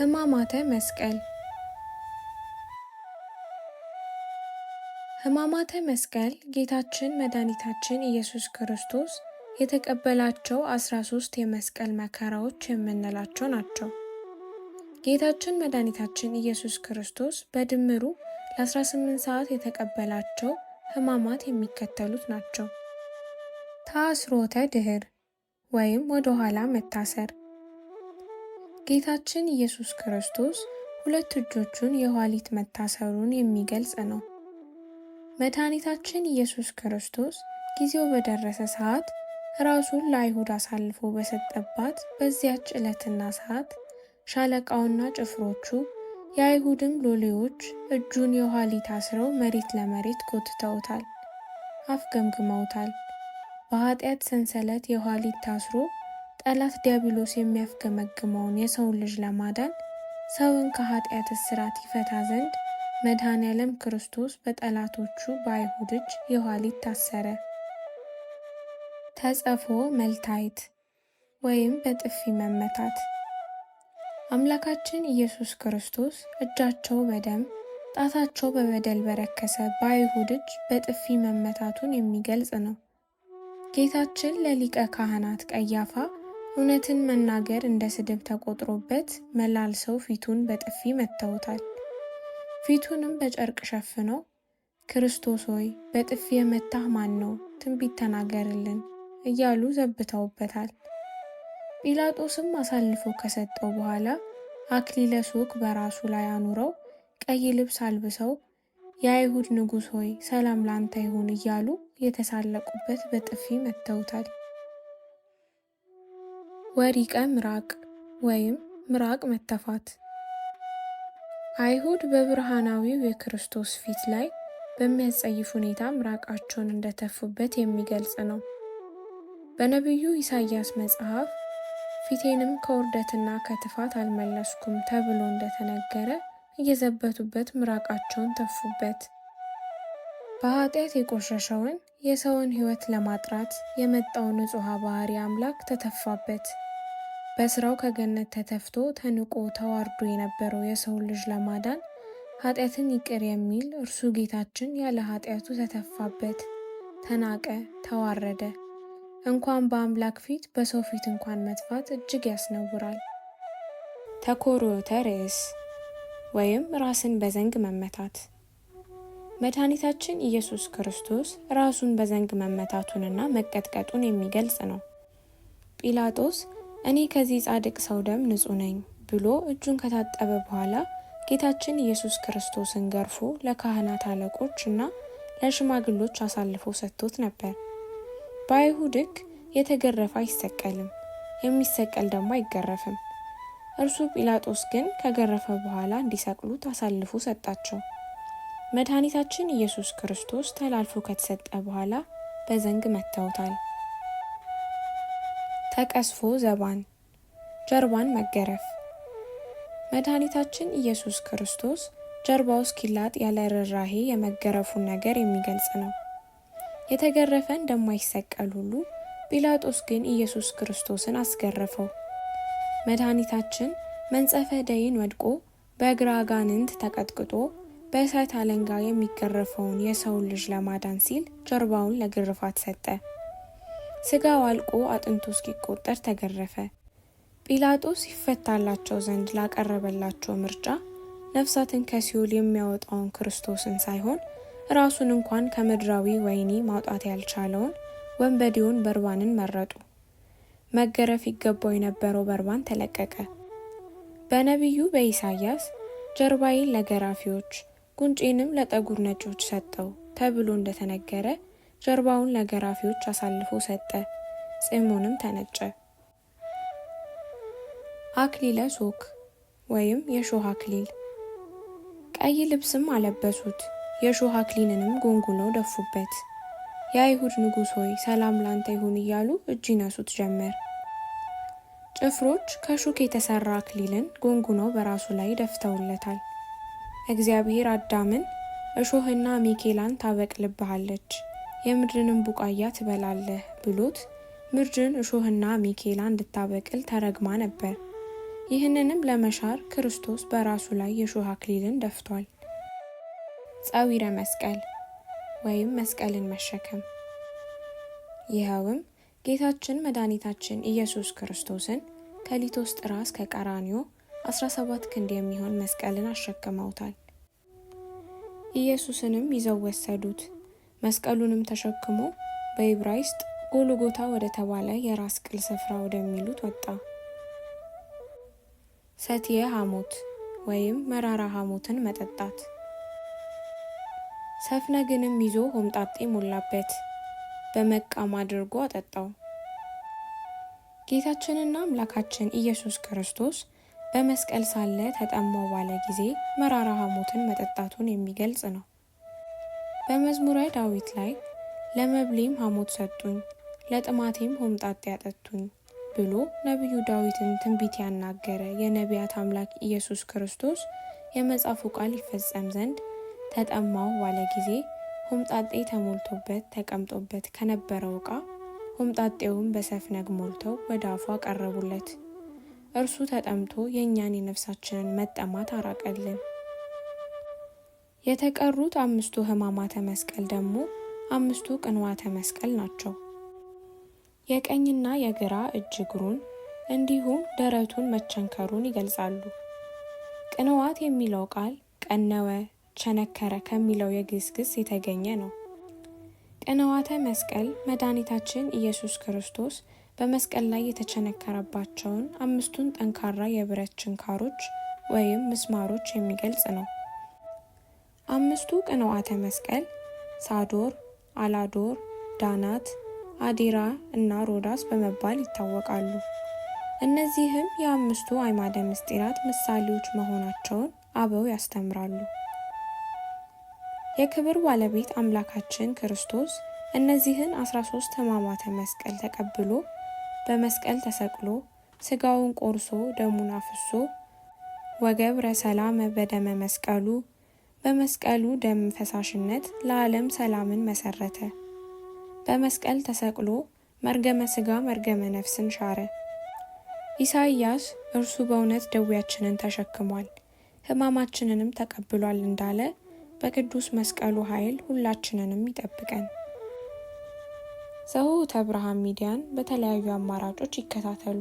ህማማተ መስቀል ህማማተ መስቀል ጌታችን መድኃኒታችን ኢየሱስ ክርስቶስ የተቀበላቸው አስራ ሶስት የመስቀል መከራዎች የምንላቸው ናቸው። ጌታችን መድኃኒታችን ኢየሱስ ክርስቶስ በድምሩ ለ18 ሰዓት የተቀበላቸው ህማማት የሚከተሉት ናቸው፦ ታስሮተ ድህር ወይም ወደ ኋላ መታሰር፣ ጌታችን ኢየሱስ ክርስቶስ ሁለት እጆቹን የኋሊት መታሰሩን የሚገልጽ ነው። መድኃኒታችን ኢየሱስ ክርስቶስ ጊዜው በደረሰ ሰዓት ራሱን ለአይሁድ አሳልፎ በሰጠባት በዚያች ዕለትና ሰዓት ሻለቃውና ጭፍሮቹ የአይሁድም ሎሌዎች እጁን የኋሊት አስረው መሬት ለመሬት ጎትተውታል፣ አፍገምግመውታል። በኃጢአት ሰንሰለት የኋሊት ታስሮ ጠላት ዲያብሎስ የሚያፍገመግመውን የሰውን ልጅ ለማዳን ሰውን ከኃጢአት እስራት ይፈታ ዘንድ መድኃኔ ዓለም ክርስቶስ በጠላቶቹ በአይሁድ እጅ የኋሊት ታሰረ። ተጸፎ መልታይት ወይም በጥፊ መመታት። አምላካችን ኢየሱስ ክርስቶስ እጃቸው በደም ጣታቸው በበደል በረከሰ በአይሁድ እጅ በጥፊ መመታቱን የሚገልጽ ነው። ጌታችን ለሊቀ ካህናት ቀያፋ እውነትን መናገር እንደ ስድብ ተቆጥሮበት መላልሰው ፊቱን በጥፊ መተውታል። ፊቱንም በጨርቅ ሸፍነው ክርስቶስ ሆይ በጥፊ የመታህ ማን ነው? ትንቢት ተናገርልን እያሉ ዘብተውበታል። ጲላጦስም አሳልፎ ከሰጠው በኋላ አክሊለ ሦክ በራሱ ላይ አኑረው ቀይ ልብስ አልብሰው የአይሁድ ንጉሥ ሆይ ሰላም ላንተ ይሁን እያሉ የተሳለቁበት በጥፊ መተውታል። ወሪቀ ምራቅ ወይም ምራቅ መተፋት አይሁድ በብርሃናዊው የክርስቶስ ፊት ላይ በሚያጸይፍ ሁኔታ ምራቃቸውን እንደተፉበት የሚገልጽ ነው። በነቢዩ ኢሳይያስ መጽሐፍ ፊቴንም ከውርደትና ከትፋት አልመለስኩም ተብሎ እንደተነገረ እየዘበቱበት ምራቃቸውን ተፉበት። በኃጢአት የቆሸሸውን የሰውን ሕይወት ለማጥራት የመጣው ንጹሐ ባሕሪ አምላክ ተተፋበት። በሥራው ከገነት ተተፍቶ ተንቆ ተዋርዶ የነበረው የሰው ልጅ ለማዳን ኃጢአትን ይቅር የሚል እርሱ ጌታችን ያለ ኃጢአቱ ተተፋበት፣ ተናቀ፣ ተዋረደ። እንኳን በአምላክ ፊት በሰው ፊት እንኳን መጥፋት እጅግ ያስነውራል። ተኮርዖተ ርእስ ወይም ራስን በዘንግ መመታት መድኃኒታችን ኢየሱስ ክርስቶስ ራሱን በዘንግ መመታቱንና መቀጥቀጡን የሚገልጽ ነው። ጲላጦስ እኔ ከዚህ ጻድቅ ሰው ደም ንጹህ ነኝ ብሎ እጁን ከታጠበ በኋላ ጌታችን ኢየሱስ ክርስቶስን ገርፎ ለካህናት አለቆች እና ለሽማግሎች አሳልፎ ሰጥቶት ነበር። በአይሁድ ሕግ የተገረፈ አይሰቀልም፣ የሚሰቀል ደግሞ አይገረፍም። እርሱ ጲላጦስ ግን ከገረፈ በኋላ እንዲሰቅሉት አሳልፎ ሰጣቸው። መድኃኒታችን ኢየሱስ ክርስቶስ ተላልፎ ከተሰጠ በኋላ በዘንግ መተውታል። ተቀስፎ ዘባን ጀርባን መገረፍ። መድኃኒታችን ኢየሱስ ክርስቶስ ጀርባው እስኪላጥ ያለ ርኅራኄ የመገረፉን ነገር የሚገልጽ ነው። የተገረፈ እንደማይሰቀል ሁሉ ጲላጦስ ግን ኢየሱስ ክርስቶስን አስገረፈው። መድኃኒታችን መንጸፈ ደይን ወድቆ በእግረ አጋንንት ተቀጥቅጦ በእሳት አለንጋ የሚገረፈውን የሰውን ልጅ ለማዳን ሲል ጀርባውን ለግርፋት ሰጠ። ስጋው አልቆ አጥንቱ እስኪቆጠር ተገረፈ። ጲላጦስ ይፈታላቸው ዘንድ ላቀረበላቸው ምርጫ ነፍሳትን ከሲኦል የሚያወጣውን ክርስቶስን ሳይሆን ራሱን እንኳን ከምድራዊ ወህኒ ማውጣት ያልቻለውን ወንበዴውን በርባንን መረጡ። መገረፍ ይገባው የነበረው በርባን ተለቀቀ። በነቢዩ በኢሳያስ ጀርባዬን ለገራፊዎች ጉንጬንም ለጠጉር ነጮች ሰጠው ተብሎ እንደተነገረ ጀርባውን ለገራፊዎች አሳልፎ ሰጠ። ጽሙንም ተነጨ። አክሊለ ሶክ ወይም የሾህ አክሊል ቀይ ልብስም አለበሱት። የሾህ አክሊልንም ጎንጉነው ደፉበት። የአይሁድ ንጉሥ ሆይ ሰላም ላንተ ይሁን እያሉ እጅ ይነሱት ጀመር። ጭፍሮች ከሹክ የተሰራ አክሊልን ጎንጉነው በራሱ ላይ ደፍተውለታል። እግዚአብሔር አዳምን እሾህና ሚኬላን ታበቅልብሃለች የምድርንም ቡቃያ ትበላለህ ብሎት ምድርን እሾህና ሚኬላ እንድታበቅል ተረግማ ነበር። ይህንንም ለመሻር ክርስቶስ በራሱ ላይ የእሾህ አክሊልን ደፍቷል። ጸዊረ መስቀል ወይም መስቀልን መሸከም፣ ይኸውም ጌታችን መድኃኒታችን ኢየሱስ ክርስቶስን ከሊቶስጥራ እስከ ቀራኒዮ 17 ክንድ የሚሆን መስቀልን አሸክመውታል። ኢየሱስንም ይዘው ወሰዱት። መስቀሉንም ተሸክሞ በዕብራይስጥ ጎልጎታ ወደ ተባለ የራስ ቅል ስፍራ ወደሚሉት ወጣ። ሰትየ ሐሞት ወይም መራራ ሐሞትን መጠጣት። ሰፍነግንም ይዞ ሆምጣጤ ሞላበት፣ በመቃም አድርጎ አጠጣው። ጌታችንና አምላካችን ኢየሱስ ክርስቶስ በመስቀል ሳለ ተጠማው ባለ ጊዜ መራራ ሐሞትን መጠጣቱን የሚገልጽ ነው። በመዝሙረ ዳዊት ላይ ለመብሌም ሐሞት ሰጡኝ፣ ለጥማቴም ሆምጣጤ ያጠጡኝ ብሎ ነቢዩ ዳዊትን ትንቢት ያናገረ የነቢያት አምላክ ኢየሱስ ክርስቶስ የመጽሐፉ ቃል ይፈጸም ዘንድ ተጠማው ባለ ጊዜ ሆምጣጤ ተሞልቶበት ተቀምጦበት ከነበረው ዕቃ ሆምጣጤውን በሰፍነግ ሞልተው ወደ አፉ አቀረቡለት። እርሱ ተጠምቶ የእኛን የነፍሳችንን መጠማት አራቀልን። የተቀሩት አምስቱ ህማማተ መስቀል ደግሞ አምስቱ ቅንዋተ መስቀል ናቸው። የቀኝና የግራ እጅ እግሩን እንዲሁም ደረቱን መቸንከሩን ይገልጻሉ። ቅንዋት የሚለው ቃል ቀነወ፣ ቸነከረ ከሚለው የግዕዝ ግስ የተገኘ ነው። ቅንዋተ መስቀል መድኃኒታችን ኢየሱስ ክርስቶስ በመስቀል ላይ የተቸነከረባቸውን አምስቱን ጠንካራ የብረት ችንካሮች ወይም ምስማሮች የሚገልጽ ነው። አምስቱ ቅንዋተ መስቀል ሳዶር፣ አላዶር፣ ዳናት፣ አዲራ እና ሮዳስ በመባል ይታወቃሉ። እነዚህም የአምስቱ አይማደ ምስጢራት ምሳሌዎች መሆናቸውን አበው ያስተምራሉ። የክብር ባለቤት አምላካችን ክርስቶስ እነዚህን 13 ሕማማተ መስቀል ተቀብሎ በመስቀል ተሰቅሎ ስጋውን ቆርሶ ደሙን አፍሶ ወገብረ ሰላም በደመ መስቀሉ በመስቀሉ ደም ፈሳሽነት ለዓለም ሰላምን መሰረተ። በመስቀል ተሰቅሎ መርገመ ስጋ መርገመ ነፍስን ሻረ። ኢሳይያስ እርሱ በእውነት ደዌያችንን ተሸክሟል ሕማማችንንም ተቀብሏል እንዳለ በቅዱስ መስቀሉ ኃይል ሁላችንንም ይጠብቀን። ዘውት ብርሃን ሚዲያን በተለያዩ አማራጮች ይከታተሉ።